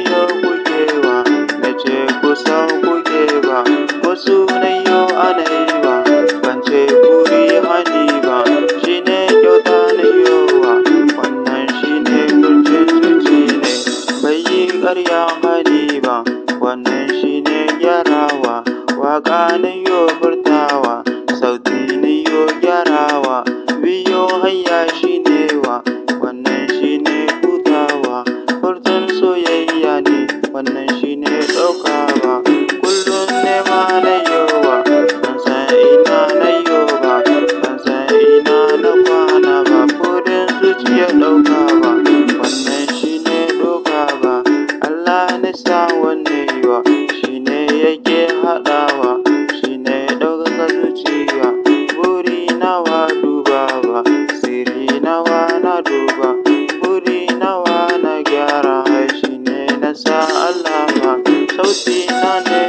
yo kukewa na ce ku san kukewa wasu na yo anaiwa ban ce kuri hani ba shi ne kyauta na yowa wannan shi ne kurcin cuci ne bai yi ƙarya hani ba wannan shi ne gyarawa waƙa na yo furtawa sauti na yo gyarawa biyo hanya needs a car. Lucy, honey.